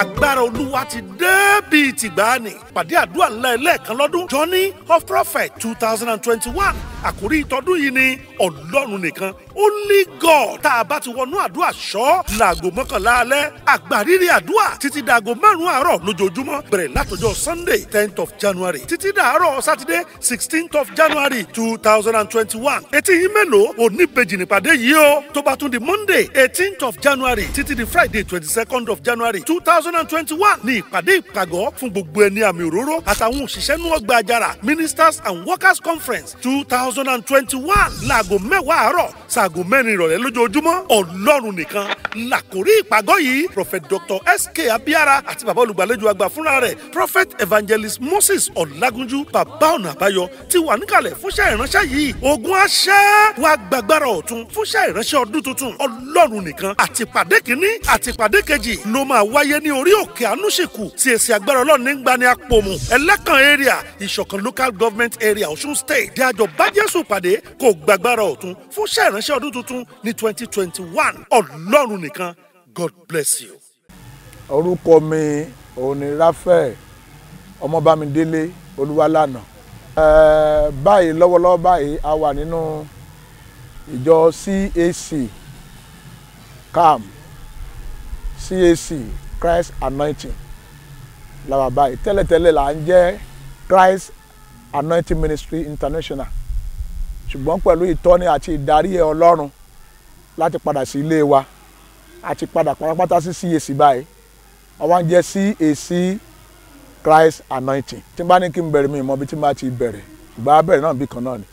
agbára olúwa ti dé bíi tìgbàanì pàdé àdúrà ńlá ẹlẹ́ẹ̀kan lọ́dún Johnny of prophet two thousand and twenty-one àkórí ìtọ́dún yìí ni ọlọ́run nìkan only God tá a bá ti wọnú àdúrà ṣọ́ làgò mọ́kànlá alẹ́ àgbàrírí àdúrà títí dàgò márùn-ún àárọ̀ lójoojúmọ́ bẹ̀rẹ̀ látọjọ́ Sunday tenth of January títí dàárọ̀ Saturday sixteenth of January two thousand and twenty-one etí yín mélòó oníbejì nípàdé yìí o tó bá tún di Monday eighteenth of January títí di Friday twenty-second of January two thousand and twenty-one ní ìpàdé ìpàgọ́ fún gbogbo ẹni àmì òróró àtàwọn òṣìṣẹ́ nú ọgbà àjàrà Ministers and Workers Conference two thousand thousand and twenty-one láago mẹ́wàá àárọ̀ ṣaago mẹ́rin ìrọ̀lẹ́ lójoojúmọ́ ọlọ́run nìkan làkórí ìpàgọ́ yìí prophet dr sk abiara àti bàbá olùgbàlejò àgbà fúnra rẹ̀ prophet evangelist moses ọ̀làgúnjú bàbá ọ̀nà àbáyọ ti wà níkàlẹ̀ fúnṣẹ́ ìránṣẹ́ yìí ogun aṣẹ́ wa gbàgbára ọ̀tun fúnṣẹ́ ìránṣẹ́ ọdún tuntun ọlọ́run nìkan àtìpàdé kìíní àtìpàdé kejì ló máa wáyé ní orí òkè anúṣekù tí èsì agbára ọlọ́run ní gbani apòmù ẹlẹ́kàn area ìṣọ̀kan local government area ọ̀ṣun state díàjọ báj jésù pàdé kò gbàgbára ọ̀tun fún iṣẹ́ ìránṣẹ́ ọdún tuntun ní twenty ọlọ́run nìkan god bless you. orúkọ mi òun ọmọbámidélé olúwalànà báyìí lọ́wọ́lọ́wọ́ báyìí a wà nínú ìjọ cac cam cac christ anointing la báyìí tẹ́lẹ̀tẹ́lẹ̀ là ń jẹ́ christ anointing ministry international ṣùgbọ́n pẹ̀lú ìtọ́ni àti ìdarí ọlọ́run láti padà sí ilé wa àti padà pátápátá sí CAC báyìí àwa ń jẹ́ CAC Christ Anointing tí n bá ní kí n bẹ̀rẹ̀ mi ìmọ̀ bí tí n bá ti bẹ̀rẹ̀ ìgbà bẹ̀rẹ̀ náà bí kan náà ni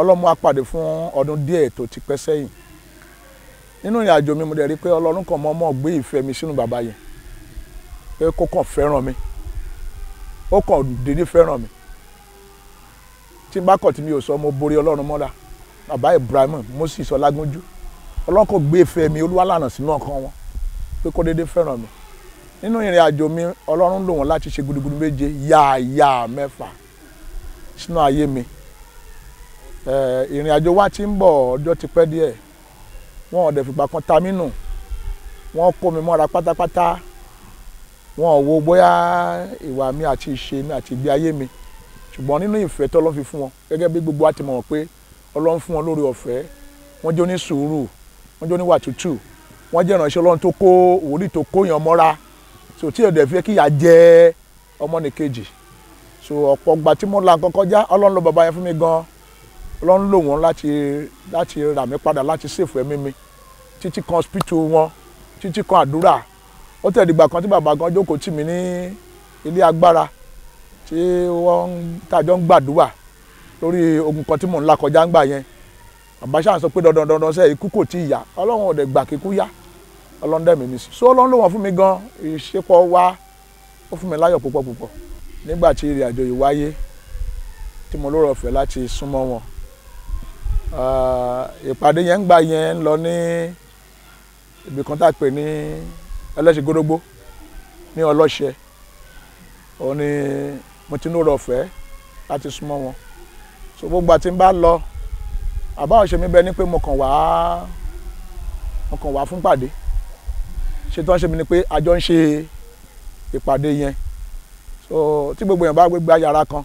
ọlọ́mú apàdé fún ọdún díẹ̀ tó ti pẹ́ sẹ́yìn nínú ìrìn àjò mi mo dẹ̀ rí i pé ọlọ́run kan mọ́ mọ́ gbé ìfẹ́ mi sínú bàbá yẹn pé kó kàn fẹ́ràn mi ó kàn dédé fẹ́ràn mi tí n bá kọ̀ tí mi ò sọ mo borí ọlọ́run mọ́ra bàbá Ibrahim Moses Ọlágúnjú ọlọ́kọ̀ gbé ìfẹ́ mi olúwalànà sínú ọkàn wọn pé kó déédéé fẹ́ràn mi nínú ìrìn àjò mi ọlọ́run lò wọ́n láti ṣe gudugudu méje yáàyà mẹ́fà sínú ayé mi ìrìn àjò wa ti ń bọ̀ ọjọ́ ti pẹ́ díẹ̀ wọn ò dẹ̀ fìgbà kan ta mí nù wọn kó mi mọ́ra pátápátá wọn ò wo bóyá ìwà mi àti ìṣe mi àti ìgbé ayé mi ṣùgbọ́n nínú ìfẹ́ tí Ọlọ́run fi fún wọn gẹ́gẹ́ bí gbogbo àti mọ̀ pé Ọlọ́run fún wọn lórí ọ̀fẹ́ wọ́n jẹ́ onísùúrù wọ́n jẹ́ oníwà tútù wọ́n jẹ́ ìránṣẹ́ Ọlọ́run tó kó wòlíì tó kóyàn mọ́ra so tí ẹ̀dẹ̀ fi kíyà jẹ́ ọmọ nìkejì so ọ̀pọ̀ ìgbà tí mo là nǹkan kọjá Ọlọ́run ló bàbá yẹn fún mi gan Ọlọ́run lò wọ́n láti láti rà mí padà láti sèfù ẹ̀mí mi títí kan hospital wọn títí kan àdúrà ó tẹ̀dìgbà kan tí bàbá gan jókòó tì mí ní ilé agbára tí wọ́n tàjọ ń gbàdúrà lórí ogun kan tí mò ń là kọjá ń gbà yẹn àbáṣà sọ pé dandan dandan sẹ́ ikú kò tí ì yá ọlọ́run ò dẹ̀ gbà kíkú yá ọlọ́run dẹ̀ mímí sí so ọlọ́run ló wọ̀n fún mi gan ìṣepọ̀ wa ó fún mi láyọ̀ púpọ̀ púpọ̀ nígbà tí ìrìn àjò yìí wáyé tí mo lóore ọ̀fẹ́ láti súnmọ́ wọn ìpàdé yẹn ń gbà yẹn ń lọ ní ibì kan tá a pè ní ẹlẹ́sìn gódógbó ní ọlọ́ṣẹ́ òun mo ti nóra ọ̀fẹ́ láti súnmọ́ wọn so gbogbo àti ń bá lọ àbá òṣè mi bẹ ni pé mo kàn wá mo kàn wá fún pàdé ṣe tí wọ́n ṣe mi ni pé àjọ ń ṣe ìpàdé yẹn so tí gbogbo yẹn bá gbégbá yàrá kan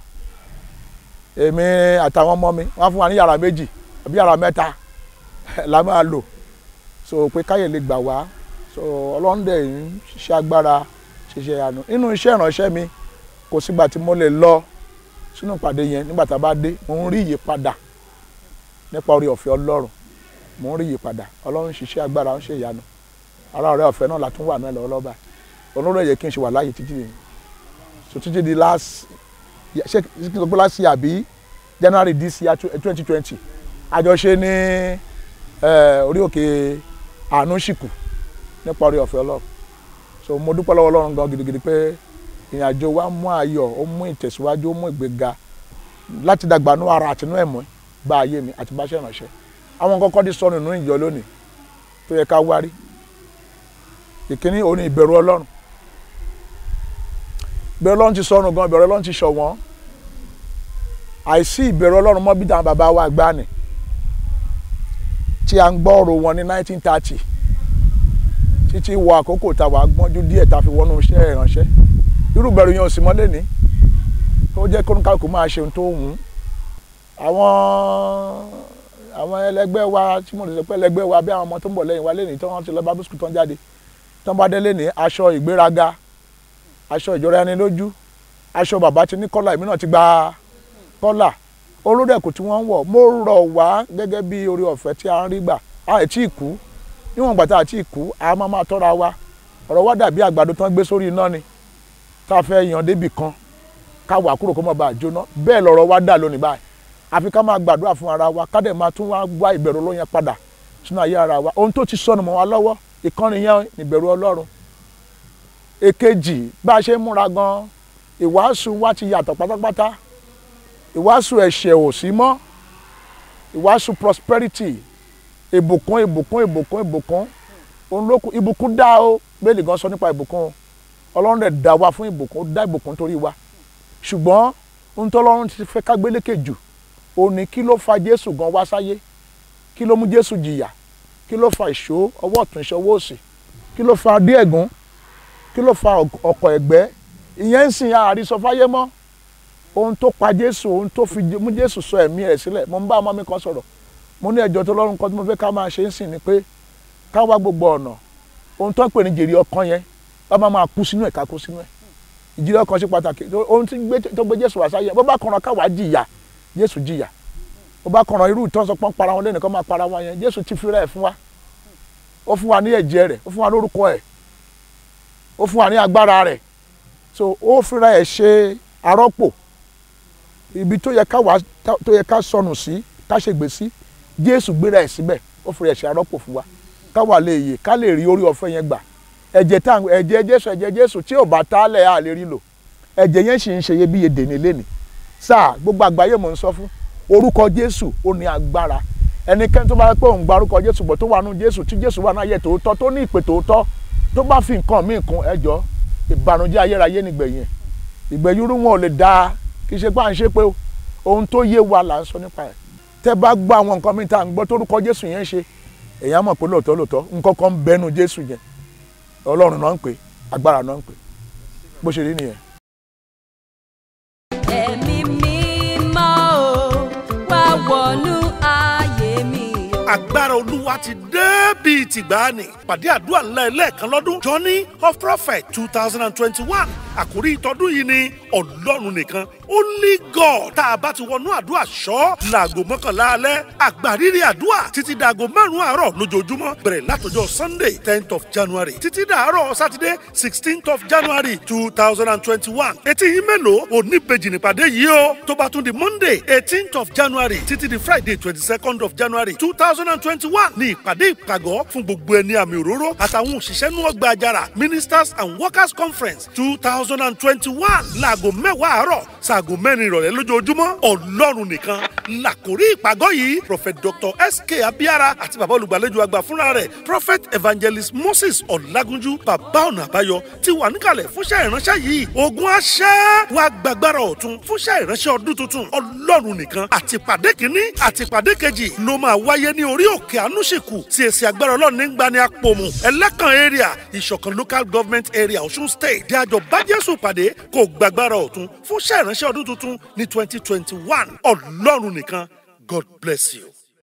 èmi àtàwọn ọmọ mi wọ́n á fún wa ní yàrá méjì àbí yàrá mẹ́ta la máa lò so pé káyè lè gbà wá so ọlọ́run dẹ̀ ń ṣe agbára ṣiṣẹ́ àánú nínú iṣẹ́ ìránṣẹ́ mi kò sígbà tí mo lè lọ sínú ìpàdé yẹn nígbà tá a bá dé mo ń rí ìyípadà nípa orí ọ̀fẹ́ ọlọ́run mo ń rí ìyípadà ọlọ́run ṣiṣẹ́ agbára ń ṣe ìyanu ara ọ̀rẹ́ ọ̀fẹ́ náà látún wà náà lọ́wọ́ lọ́ba olóró ẹ̀yẹ kí n ṣe wà láàyè títí nìyẹn so títí di last ṣé kí n sọ pé last year àbí January this year eh, twenty twenty àjọṣe ní orí òkè àánú ṣìkù nípa orí ọ̀fẹ́ ọlọ́run so mo dúpẹ́ lọ́wọ́ ọlọ́run gan gidigidi pé ìrìn àjò wa mú ayọ̀ ó mú ìtẹ̀síwájú ó mú ìgbéga láti dàgbà nú ara àtinú ẹ̀mọ́ gba ayé mi àti báṣẹ́ ìrànṣẹ́ àwọn kọ́kọ́ di sọnù nínú ìjọ lónìí tó yẹ ká wárí ìkíní òun ni ìbẹ̀rù ọlọ́run ìbẹ̀rù ọlọ́run ti sọnù gan ìbẹ̀rù ọlọ́run ti ṣọ̀wọ́n àìsí ìbẹ̀rù ọlọ́run mọ́ bí dáhùn bàbá wa gbá ni tí a ń gbọ́ ọ̀rọ̀ wọn ní 1930 títí wọ àkókò tá a wà gbọ́njú díẹ̀ tá a fi wọnú iṣẹ́ ìránṣẹ́ irú ìbẹ̀rù yẹn ò sì mọ́lé ní ó jẹ́ kó kálukú máa ṣe ohun tó wù ú àwọn àwọn ẹlẹgbẹ́ wa tí mo lè sọ pé ẹlẹgbẹ́ wa bí àwọn ọmọ tó ń bọ̀ lẹ́yìn wa lénìí tí wọ́n ti lọ bá bísùkù tán jáde tán bá dé lénìí aṣọ ìgbéraga aṣọ ìjọra ẹni lójú aṣọ bàbá ti ní kọ́là èmi náà ti gba kọ́là olódẹ̀kù tí wọ́n ń wọ̀ mo rọ̀ wá gẹ́gẹ́ bí orí ọ̀fẹ́ tí a ń rí gbà a ì tí ì kú níwọ̀n gbà tá a kú a máa máa tọ́ra wa ọ̀rọ̀ wa dàbí àgbàdo tán gbé sórí iná ni tá a fẹ́ yan débì kan ká wà kúrò kó má bàa jóná bẹ́ẹ̀ lọ̀rọ̀ wa dà lónìí báyìí àfi ká máa gbàdúrà fún ara wa ká dẹ̀ máa tún wá wá ìbẹ̀rù Ọlọ́run yẹn padà sínú ayé ara wa ohun tó ti sọnù mọ́ wa lọ́wọ́ ìkànnì yẹn ìbẹ̀rù Ọlọ́run èkejì bá a ṣe ń múra gan ìwàásù wa ti yàtọ̀ pátápátá ìwàásù ẹ̀ṣẹ̀ ò sí mọ́ ìwàásù prosperity ìbùkún ìbùkún ìbùkún ìbùkún ìbùkún dá o bẹ́ẹ̀ lè gan sọ nípa ìbùkún o ọlọ́run rẹ̀ dá wa fún ìbùkún dá ìbùkún torí wa ṣùgbọ́n ohun tọ́lọ́run ti fẹ́ kágbélékè jù ó ní kí ló fa jésù gan wá sáyé kí ló mú jésù jìyà kí ló fa ìṣó ọwọ́ ọ̀tún ìṣó ọwọ́ òsì kí ló fa adé ẹ̀gún kí ló fa ọkọ̀ ẹ̀gbẹ́ ìyẹn ń sìn àrísọ fáyé mọ́ ohun tó pa jésù ohun tó fi mú jésù sọ ẹ̀mí rẹ̀ sílẹ̀ mo ń bá ọmọ mi kan sọ̀rọ̀ mo ní ẹjọ́ tọ́lọ́run kan tí mo fẹ́ ká máa ṣe ń sìn ni pé ká wá gbogbo ọ̀nà ohun tó ń pè ní jèrè ọkàn yẹn wọ́n máa máa kú sínú ẹ̀ ká kú sínú ẹ̀ ìjìnlẹ̀ kan ṣe pàtàkì ohun tí tó gbé jésù wá sáyé bó bá kànràn káwá jìyà jésù jìyà bó bá kànràn irú ìtọ́sọ pọ́n para wọn lẹ́nu kan máa para wọn yẹn jésù ti fira ẹ̀ fún wa ó fún wa ní ẹ̀jẹ̀ rẹ̀ ó fún wa lórúkọ ẹ̀ ó fún wa ní agbára rẹ̀ so ó fira ẹ̀ ṣe arọ́pò ibi tó yẹ ká wá tó yẹ ká sọnù sí ká sí jésù gbéra ẹ̀ síbẹ̀ ó fira ẹ̀ ṣe arọ́pò fún wa ká wà lè yè ká lè rí orí ọ̀fẹ́ yẹn gbà ẹ̀jẹ̀ tá ẹ̀jẹ̀ jésù ẹ̀jẹ̀ jésù tí ò bá tálẹ̀ á lè rí lò ẹ̀jẹ̀ yẹn sì ń ṣe iyebíye dèní lénìí sáà gbogbo àgbáyé mò ń sọ fún orúkọ jésù ó ní agbára ẹnikẹ́ni tó bá pé òun gba orúkọ jésù bọ̀ tó wà nù jésù tí jésù wà náà yẹ tòótọ́ tó ní ìpè tòótọ́ tó bá fi nǹkan míì kún ẹjọ́ ìbànújẹ́ ayérayé nígbẹ̀yìn ìgbẹ̀yìrú wọn ò lè dáa kì í ṣe pé à ń ṣe pé ohun tó yé wa là ń sọ nípa ẹ̀ tẹ́ bá gbọ́ àwọn nǹkan míì tá ń gbọ́ tórúkọ jésù yẹn ṣe èèyàn mọ̀ pé lóòótọ́ lóòótọ́ nǹkan kan bẹnu jésù yẹn ọlọ́run náà ń pè agbára náà ń pè bó ṣe rí nìyẹn. ẹ̀mí mímọ́ ò wá wọ̀lú agbára olúwa ti dé bíi tìgbàanì pàdé àdúrà ńlá ẹlẹ́ẹ̀kan lọ́dún journey of prophet two thousand and twenty-one àkórí ìtọ́dún yìí ni ọlọ́run nìkan only god tá a bá ti wọnú àdúrà ṣọ́ làgò mọ́kànlá alẹ́ àgbàrírí àdúrà títí dàgò márùn-ún àárọ̀ lójoojúmọ́ bẹ̀rẹ̀ látọjọ́ sunday tenth of january títí dàárọ̀ saturday sixteenth of january two thousand and twenty-one etí yín mélòó oníbejì nípàdé yìí o tó bá tún di monday eighteenth of january títí di friday twenty-second of january two thousand thousand and twenty-one ní ìpàdé ìpàgọ́ fún gbogbo ẹni àmì òróró àtàwọn òṣìṣẹ́ nú ọgbà àjàrà ministers and workers conference two thousand and twenty-one láago mẹ́wàá àárọ̀ ṣaago mẹ́rin ìrọ̀lẹ́ lójoojúmọ́ ọlọ́run nìkan làkórí ìpàgọ́ yìí prophet dr sk abiara àti bàbá olùgbàlejò àgbà fúnra rẹ̀ prophet evangelist moses ọ̀làgúnjú bàbá ọ̀nà àbáyọ ti wà níkàlẹ̀ fúnṣẹ́ ìránṣẹ́ yìí ogun aṣẹ́ wa gbàgbára ọ̀tun fúnṣẹ́ ìránṣẹ́ ọdún tuntun ọlọ́run nìkan àtìpàdé kìíní àtìpàdé kejì ló máa wáyé ní orí òkè ànúṣekù tí èsì agbára ọlọ́run ní ń gbani àpòmù ẹlẹ́kàn area ìṣọ̀kan local government area ọ̀ṣun state di àjọ bá pàdé kò gbàgbára ọ̀tún fún iṣẹ́ ìránṣẹ́ ọdún tuntun ní twenty twenty one ọlọ́run nìkan god bless you.